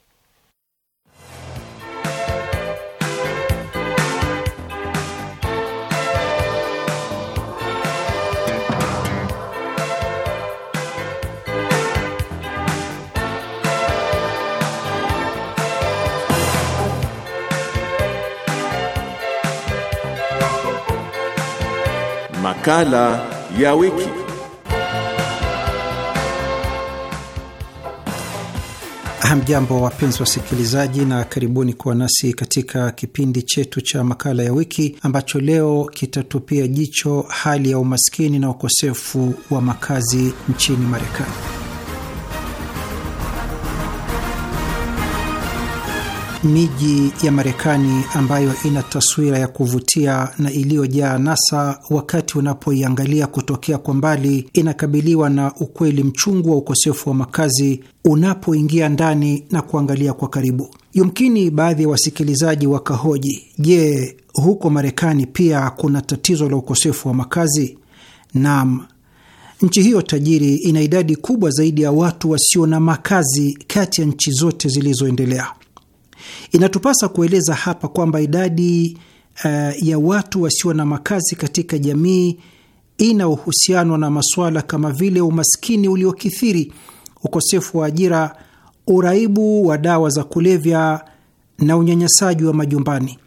makala ya wiki. Hamjambo, wapenzi wasikilizaji, na karibuni kuwa nasi katika kipindi chetu cha makala ya wiki ambacho leo kitatupia jicho hali ya umaskini na ukosefu wa makazi nchini Marekani. miji ya Marekani ambayo ina taswira ya kuvutia na iliyojaa nasa, wakati unapoiangalia kutokea kwa mbali, inakabiliwa na ukweli mchungu wa ukosefu wa makazi unapoingia ndani na kuangalia kwa karibu. Yumkini baadhi ya wasikilizaji wakahoji, je, huko Marekani pia kuna tatizo la ukosefu wa makazi? Naam. Nchi hiyo tajiri ina idadi kubwa zaidi ya watu wasio na makazi kati ya nchi zote zilizoendelea. Inatupasa kueleza hapa kwamba idadi uh, ya watu wasio na makazi katika jamii ina uhusiano na masuala kama vile umaskini uliokithiri, ukosefu wa ajira, uraibu wa dawa za kulevya na unyanyasaji wa majumbani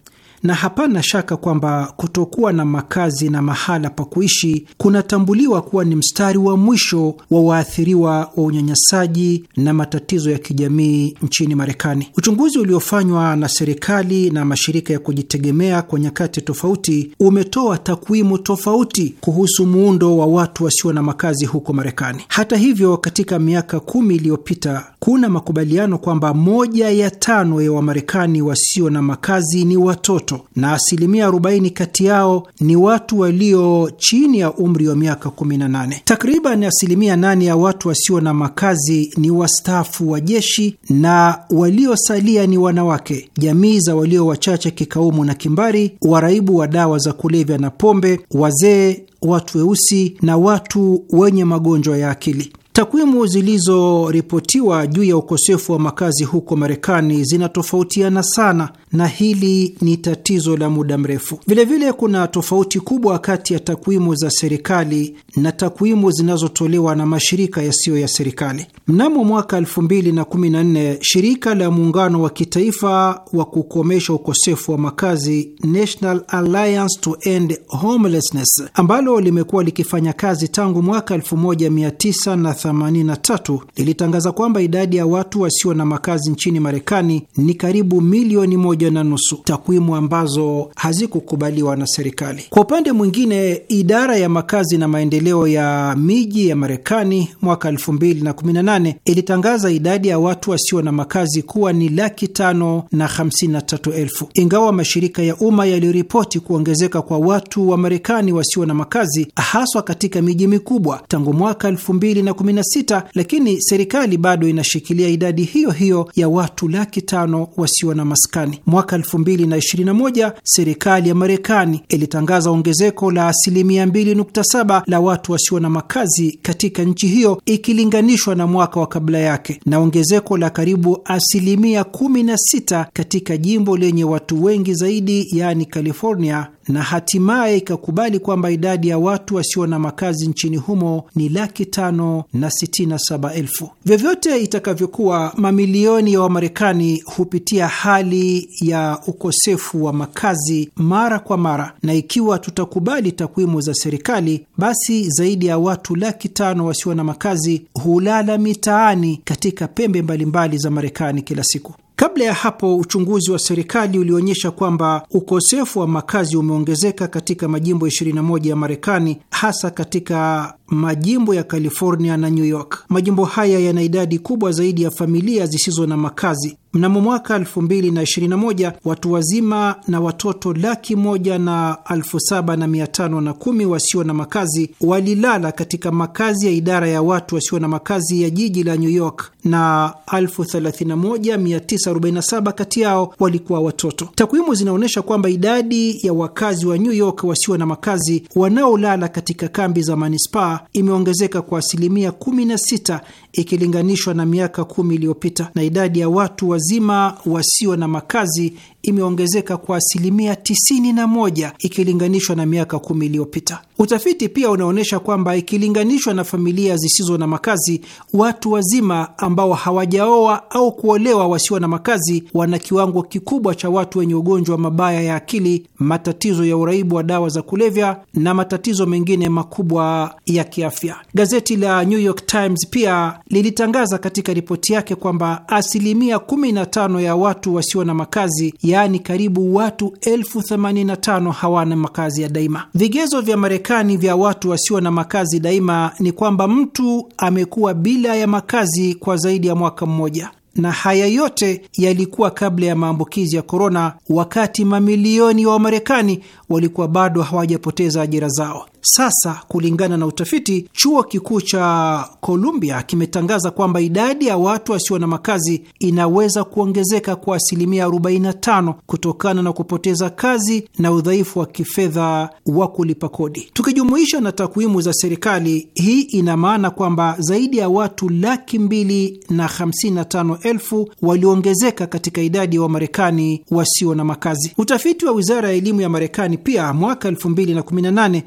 na hapana shaka kwamba kutokuwa na makazi na mahala pa kuishi kunatambuliwa kuwa ni mstari wa mwisho wa waathiriwa wa unyanyasaji na matatizo ya kijamii nchini Marekani. Uchunguzi uliofanywa na serikali na mashirika ya kujitegemea kwa nyakati tofauti umetoa takwimu tofauti kuhusu muundo wa watu wasio na makazi huko Marekani. Hata hivyo, katika miaka kumi iliyopita kuna makubaliano kwamba moja ya tano ya Wamarekani wasio na makazi ni watoto watoto na asilimia 40 kati yao ni watu walio chini ya umri wa miaka 18. Takriban asilimia 8 ya watu wasio na makazi ni wastaafu wa jeshi na waliosalia ni wanawake, jamii za walio wachache kikaumu na kimbari, waraibu wa dawa za kulevya na pombe, wazee, watu weusi na watu wenye magonjwa ya akili. Takwimu zilizoripotiwa juu ya ukosefu wa makazi huko Marekani zinatofautiana sana, na hili ni tatizo la muda mrefu. Vilevile kuna tofauti kubwa kati ya takwimu za serikali na takwimu zinazotolewa na mashirika yasiyo ya serikali. Mnamo mwaka 2014 shirika la muungano wa kitaifa wa kukomesha ukosefu wa makazi National Alliance to End Homelessness, ambalo limekuwa likifanya kazi tangu mwaka 19 1983 lilitangaza kwamba idadi ya watu wasio na makazi nchini Marekani ni karibu milioni moja na nusu, takwimu ambazo hazikukubaliwa na serikali. Kwa upande mwingine, idara ya makazi na maendeleo ya miji ya Marekani mwaka 2018 ilitangaza idadi ya watu wasio na makazi kuwa ni laki tano na hamsini na tatu elfu, ingawa mashirika ya umma yaliripoti kuongezeka kwa watu wa Marekani wasio na makazi haswa katika miji mikubwa tangu mwaka 2018. 16 lakini serikali bado inashikilia idadi hiyo hiyo ya watu laki tano wasio na maskani. Mwaka 2021 serikali ya Marekani ilitangaza ongezeko la asilimia 2.7 la watu wasio na makazi katika nchi hiyo ikilinganishwa na mwaka wa kabla yake na ongezeko la karibu asilimia 16 katika jimbo lenye watu wengi zaidi, yaani California na hatimaye ikakubali kwamba idadi ya watu wasio na makazi nchini humo ni laki tano na sitini na saba elfu. Vyovyote itakavyokuwa, mamilioni ya Wamarekani hupitia hali ya ukosefu wa makazi mara kwa mara, na ikiwa tutakubali takwimu za serikali, basi zaidi ya watu laki tano wasio na makazi hulala mitaani katika pembe mbalimbali mbali za Marekani kila siku. Kabla ya hapo uchunguzi wa serikali ulionyesha kwamba ukosefu wa makazi umeongezeka katika majimbo 21 ya Marekani, hasa katika majimbo ya California na New York. Majimbo haya yana idadi kubwa zaidi ya familia zisizo na makazi. Mnamo mwaka 2021 watu wazima na watoto laki moja na elfu saba na mia tano na kumi wasio na makazi walilala katika makazi ya idara ya watu wasio na makazi ya jiji la New York na elfu thelathini na moja mia tisa arobaini na saba kati yao walikuwa watoto. Takwimu zinaonyesha kwamba idadi ya wakazi wa New York wasio na makazi wanaolala katika kambi za manispaa imeongezeka kwa asilimia 16 ikilinganishwa na miaka kumi iliyopita na idadi ya watu wazima wasio na makazi imeongezeka kwa asilimia 91 ikilinganishwa na miaka kumi iliyopita. Utafiti pia unaonyesha kwamba ikilinganishwa na familia zisizo na makazi, watu wazima ambao hawajaoa au kuolewa wasio na makazi wana kiwango kikubwa cha watu wenye ugonjwa mabaya ya akili, matatizo ya uraibu wa dawa za kulevya na matatizo mengine makubwa ya kiafya. Gazeti la New York Times pia lilitangaza katika ripoti yake kwamba asilimia 15 ya watu wasio na makazi ya yaani karibu watu elfu themanini na tano hawana makazi ya daima. Vigezo vya Marekani vya watu wasio na makazi daima ni kwamba mtu amekuwa bila ya makazi kwa zaidi ya mwaka mmoja na haya yote yalikuwa kabla ya maambukizi ya korona, wakati mamilioni ya Wamarekani walikuwa bado hawajapoteza ajira zao. Sasa, kulingana na utafiti, chuo kikuu cha Columbia kimetangaza kwamba idadi ya watu wasio na makazi inaweza kuongezeka kwa asilimia 45 kutokana na kupoteza kazi na udhaifu wa kifedha wa kulipa kodi. Tukijumuisha na takwimu za serikali, hii ina maana kwamba zaidi ya watu laki mbili na hamsini na tano elfu waliongezeka katika idadi ya wa Wamarekani wasio na makazi. Utafiti wa wizara ya elimu ya Marekani pia mwaka 2018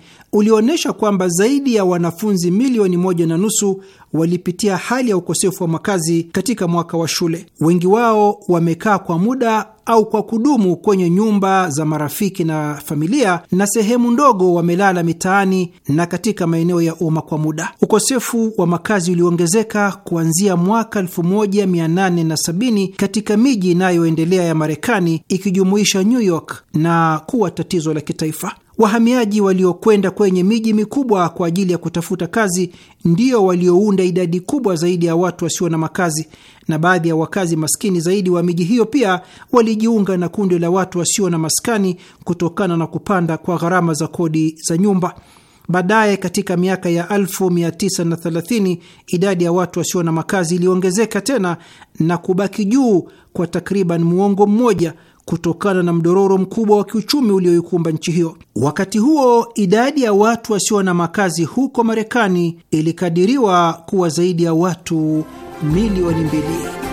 ulionyesha kwamba zaidi ya wanafunzi milioni moja na nusu walipitia hali ya ukosefu wa makazi katika mwaka wa shule. Wengi wao wamekaa kwa muda au kwa kudumu kwenye nyumba za marafiki na familia, na sehemu ndogo wamelala mitaani na katika maeneo ya umma kwa muda. Ukosefu wa makazi uliongezeka kuanzia mwaka 1870 katika miji inayoendelea ya Marekani ikijumuisha New York na kuwa tatizo la kitaifa. Wahamiaji waliokwenda kwenye miji mikubwa kwa ajili ya kutafuta kazi ndio waliounda idadi kubwa zaidi ya watu wasio na makazi, na baadhi ya wakazi maskini zaidi wa miji hiyo pia walijiunga na kundi la watu wasio na maskani kutokana na kupanda kwa gharama za kodi za nyumba. Baadaye katika miaka ya 1930 idadi ya watu wasio na makazi iliongezeka tena na kubaki juu kwa takriban muongo mmoja kutokana na mdororo mkubwa wa kiuchumi ulioikumba nchi hiyo. Wakati huo idadi ya watu wasio na makazi huko Marekani ilikadiriwa kuwa zaidi ya watu milioni mbili.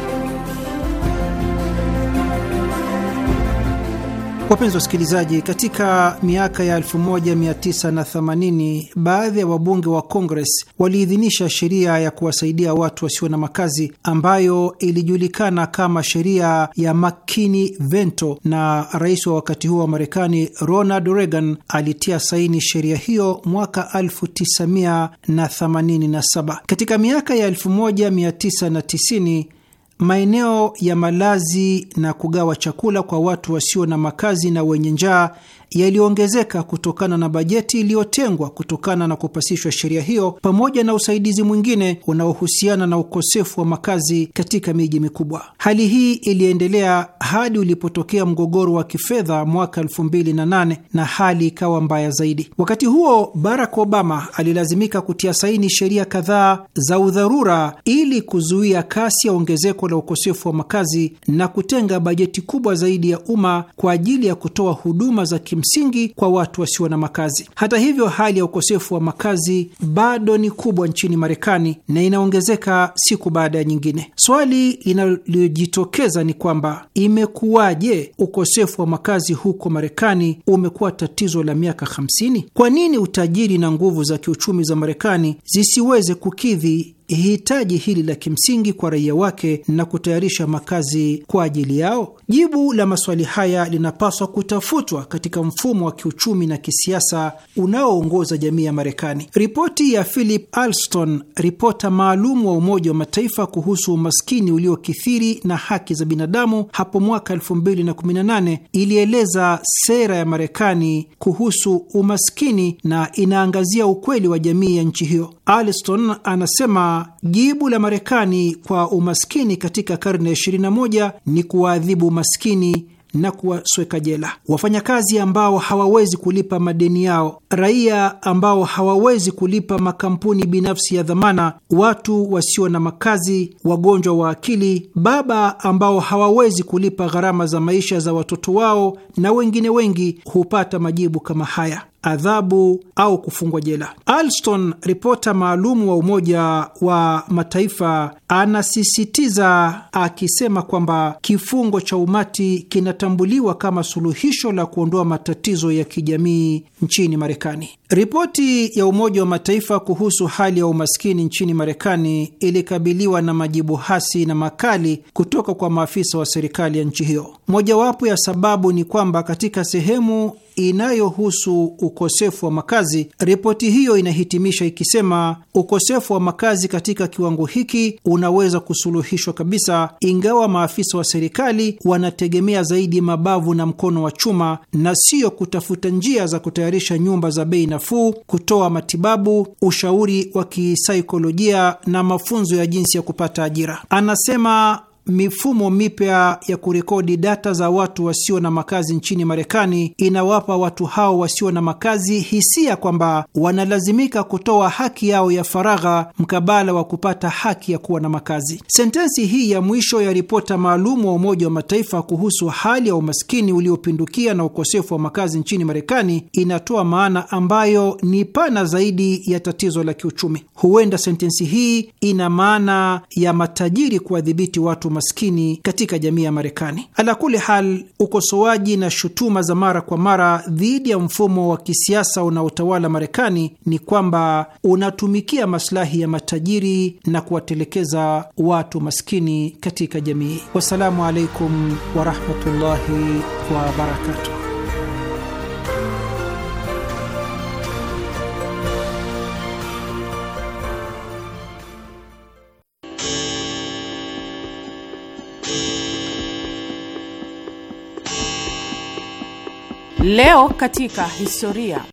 Wapenzi wasikilizaji, katika miaka ya 1980 baadhi ya wabunge wa Kongres waliidhinisha sheria ya kuwasaidia watu wasio na makazi ambayo ilijulikana kama sheria ya McKinney-Vento, na rais wa wakati huo wa Marekani Ronald Reagan alitia saini sheria hiyo mwaka 1987. Katika miaka ya 1990 maeneo ya malazi na kugawa chakula kwa watu wasio na makazi na wenye njaa yaliyoongezeka kutokana na bajeti iliyotengwa kutokana na kupasishwa sheria hiyo, pamoja na usaidizi mwingine unaohusiana na ukosefu wa makazi katika miji mikubwa. Hali hii iliendelea hadi ulipotokea mgogoro wa kifedha mwaka 2008 na hali ikawa mbaya zaidi. Wakati huo, Barack Obama alilazimika kutia saini sheria kadhaa za udharura ili kuzuia kasi ya ongezeko la ukosefu wa makazi na kutenga bajeti kubwa zaidi ya umma kwa ajili ya kutoa huduma za kim msingi kwa watu wasio na makazi. Hata hivyo, hali ya ukosefu wa makazi bado ni kubwa nchini Marekani na inaongezeka siku baada ya nyingine. Swali linalojitokeza ni kwamba imekuwaje ukosefu wa makazi huko Marekani umekuwa tatizo la miaka 50? Kwa nini utajiri na nguvu za kiuchumi za Marekani zisiweze kukidhi hitaji hili la kimsingi kwa raia wake na kutayarisha makazi kwa ajili yao? Jibu la maswali haya linapaswa kutafutwa katika mfumo wa kiuchumi na kisiasa unaoongoza jamii ya Marekani. Ripoti ya Philip Alston, ripota maalum wa Umoja wa Mataifa kuhusu umaskini uliokithiri na haki za binadamu, hapo mwaka 2018 ilieleza sera ya Marekani kuhusu umaskini na inaangazia ukweli wa jamii ya nchi hiyo. Alston anasema jibu la Marekani kwa umaskini katika karne ya 21 ni kuwaadhibu maskini na kuwasweka jela wafanyakazi ambao hawawezi kulipa madeni yao, raia ambao hawawezi kulipa makampuni binafsi ya dhamana, watu wasio na makazi, wagonjwa wa akili, baba ambao hawawezi kulipa gharama za maisha za watoto wao na wengine wengi hupata majibu kama haya adhabu au kufungwa jela. Alston, ripota maalumu wa Umoja wa Mataifa, anasisitiza akisema kwamba kifungo cha umati kinatambuliwa kama suluhisho la kuondoa matatizo ya kijamii nchini Marekani. Ripoti ya Umoja wa Mataifa kuhusu hali ya umaskini nchini Marekani ilikabiliwa na majibu hasi na makali kutoka kwa maafisa wa serikali ya nchi hiyo. Mojawapo ya sababu ni kwamba katika sehemu inayohusu ukosefu wa makazi. Ripoti hiyo inahitimisha ikisema ukosefu wa makazi katika kiwango hiki unaweza kusuluhishwa kabisa, ingawa maafisa wa serikali wanategemea zaidi mabavu na mkono wa chuma na siyo kutafuta njia za kutayarisha nyumba za bei nafuu, kutoa matibabu, ushauri wa kisaikolojia na mafunzo ya jinsi ya kupata ajira, anasema mifumo mipya ya kurekodi data za watu wasio na makazi nchini Marekani inawapa watu hao wasio na makazi hisia kwamba wanalazimika kutoa haki yao ya faragha mkabala wa kupata haki ya kuwa na makazi. Sentensi hii ya mwisho ya ripota maalum wa Umoja wa Mataifa kuhusu hali ya umaskini uliopindukia na ukosefu wa makazi nchini Marekani inatoa maana ambayo ni pana zaidi ya tatizo la kiuchumi. Huenda sentensi hii ina maana ya matajiri kuwadhibiti watu maskini katika jamii ya Marekani. ala kuli hal, ukosoaji na shutuma za mara kwa mara dhidi ya mfumo wa kisiasa unaotawala Marekani ni kwamba unatumikia masilahi ya matajiri na kuwatelekeza watu maskini katika jamii. Wassalamu alaikum warahmatullahi wabarakatuh. Leo katika historia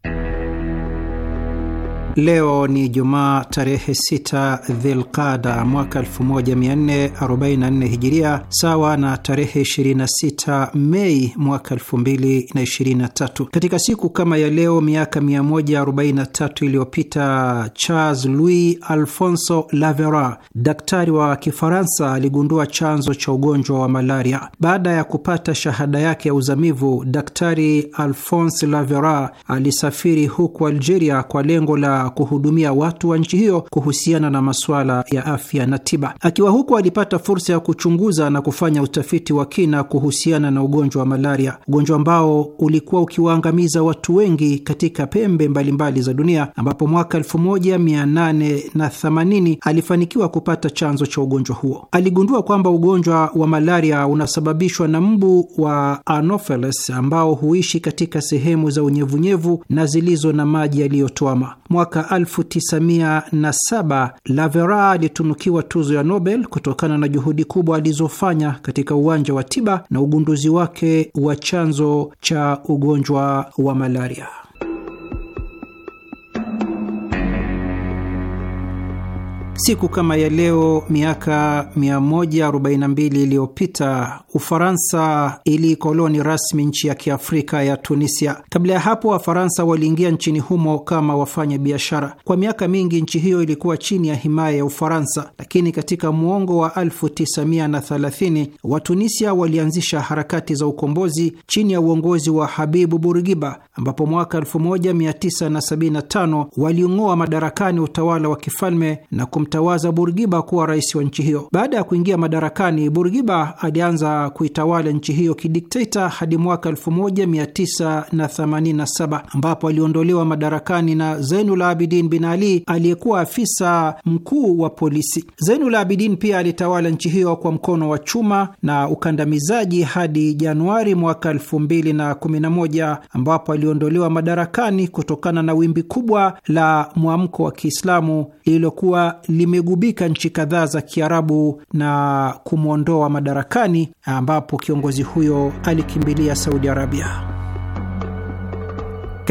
Leo ni Jumaa tarehe 6 Dhilqada mwaka 1444 Hijiria, sawa na tarehe 26 Mei mwaka 2023. Katika siku kama ya leo miaka 143 iliyopita, Charles Louis Alfonso Laveran, daktari wa Kifaransa, aligundua chanzo cha ugonjwa wa malaria. Baada ya kupata shahada yake ya uzamivu, Daktari Alphonse Laveran alisafiri huku Algeria kwa lengo la kuhudumia watu wa nchi hiyo kuhusiana na masuala ya afya na tiba. Akiwa huko, alipata fursa ya kuchunguza na kufanya utafiti wa kina kuhusiana na ugonjwa wa malaria, ugonjwa ambao ulikuwa ukiwaangamiza watu wengi katika pembe mbalimbali mbali za dunia, ambapo mwaka 1880 alifanikiwa kupata chanzo cha ugonjwa huo. Aligundua kwamba ugonjwa wa malaria unasababishwa na mbu wa Anopheles ambao huishi katika sehemu za unyevunyevu na zilizo na maji yaliyotwama mwaka 1907 Lavera alitunukiwa tuzo ya Nobel kutokana na juhudi kubwa alizofanya katika uwanja wa tiba na ugunduzi wake wa chanzo cha ugonjwa wa malaria. Siku kama ya leo miaka 142 iliyopita Ufaransa iliikoloni rasmi nchi ya kiafrika ya Tunisia. Kabla ya hapo, Wafaransa waliingia nchini humo kama wafanya biashara. Kwa miaka mingi nchi hiyo ilikuwa chini ya himaya ya Ufaransa, lakini katika muongo wa 1930 Watunisia walianzisha harakati za ukombozi chini ya uongozi wa Habibu Burgiba, ambapo mwaka 1975 waliung'oa madarakani utawala wa kifalme na kum kumtawaza Burgiba kuwa rais wa nchi hiyo. Baada ya kuingia madarakani, Burgiba alianza kuitawala nchi hiyo kidikteta hadi mwaka 1987 ambapo aliondolewa madarakani na Zainul Abidin bin Ali aliyekuwa afisa mkuu wa polisi. Zainul Abidin pia alitawala nchi hiyo kwa mkono wa chuma na ukandamizaji hadi Januari mwaka 2011 ambapo aliondolewa madarakani kutokana na wimbi kubwa la mwamko wa Kiislamu lililokuwa limegubika nchi kadhaa za Kiarabu na kumwondoa madarakani, ambapo kiongozi huyo alikimbilia Saudi Arabia.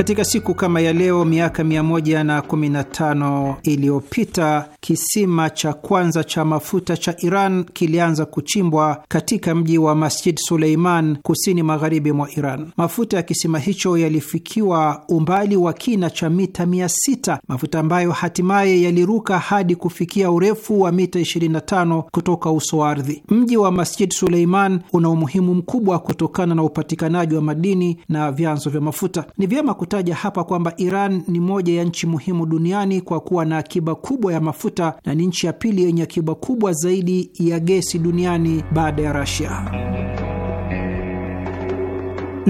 Katika siku kama ya leo miaka 115 iliyopita kisima cha kwanza cha mafuta cha Iran kilianza kuchimbwa katika mji wa Masjid Suleiman kusini magharibi mwa Iran. Mafuta ya kisima hicho yalifikiwa umbali wa kina cha mita 600, mafuta ambayo hatimaye yaliruka hadi kufikia urefu wa mita 25 kutoka uso wa ardhi. Mji wa Masjid Suleiman una umuhimu mkubwa kutokana na upatikanaji wa madini na vyanzo vya mafuta. Ni vyema kutaja hapa kwamba Iran ni moja ya nchi muhimu duniani kwa kuwa na akiba kubwa ya mafuta na ni nchi ya pili yenye akiba kubwa zaidi ya gesi duniani baada ya Rasia.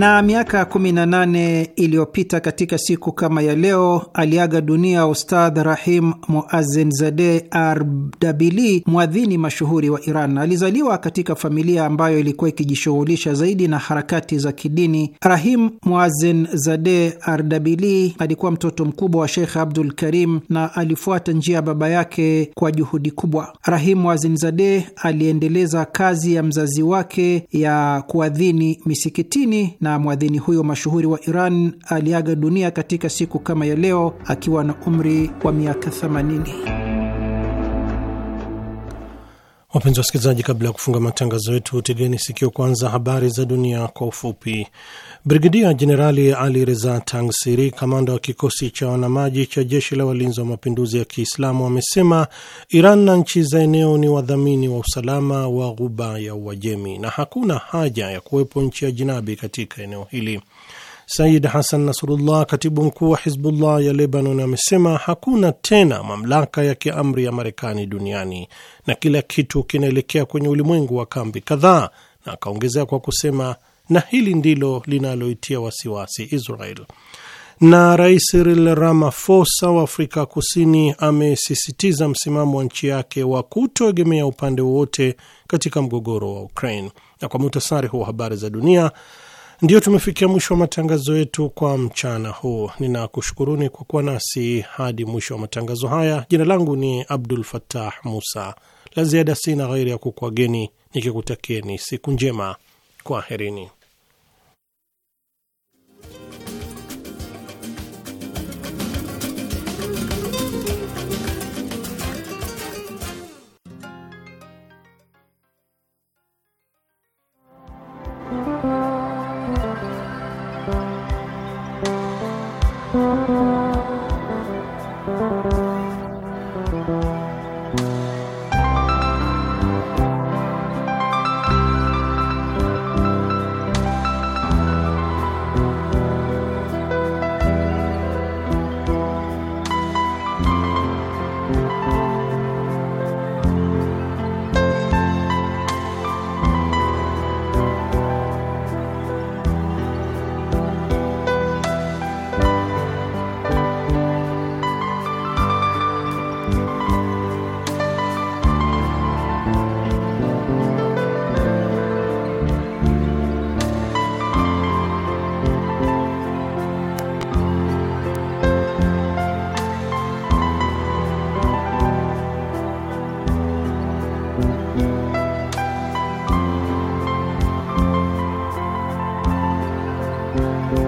Na miaka 18 iliyopita katika siku kama ya leo aliaga dunia Ustadh Rahim muazin zade Ardabili, mwadhini mashuhuri wa Iran. Alizaliwa katika familia ambayo ilikuwa ikijishughulisha zaidi na harakati za kidini. Rahim muazin zade Ardabili alikuwa mtoto mkubwa wa Sheikh Abdul Karim na alifuata njia ya baba yake kwa juhudi kubwa. Rahim muazin zade aliendeleza kazi ya mzazi wake ya kuadhini misikitini na na mwadhini huyo mashuhuri wa Iran aliaga dunia katika siku kama ya leo akiwa na umri wa miaka 80. Wapenzi wasikilizaji, kabla ya kufunga matangazo yetu, tegeni sikio kwanza habari za dunia kwa ufupi. Brigedia Jenerali Ali Reza Tangsiri, kamanda wa kikosi cha wanamaji cha jeshi la walinzi wa mapinduzi ya Kiislamu, amesema Iran na nchi za eneo ni wadhamini wa usalama wa Ghuba ya Uajemi na hakuna haja ya kuwepo nchi ya jinabi katika eneo hili. Said Hasan Nasrullah, katibu mkuu wa Hizbullah ya Lebanon, amesema hakuna tena mamlaka ya kiamri ya Marekani duniani na kila kitu kinaelekea kwenye ulimwengu wa kambi kadhaa, na akaongezea kwa kusema na hili ndilo linaloitia wasiwasi Israel. Na Rais Cyril Ramaphosa wa Afrika Kusini amesisitiza msimamo wa nchi yake wa kutoegemea upande wowote katika mgogoro wa Ukraine. Na kwa muhtasari huu wa habari za dunia, ndio tumefikia mwisho wa matangazo yetu kwa mchana huu. Ninakushukuruni kwa kuwa nasi hadi mwisho wa matangazo haya. Jina langu ni Abdul Fattah Musa. La ziada sina ghairi ya kukwageni nikikutakieni siku njema. Kwaherini. Thank you.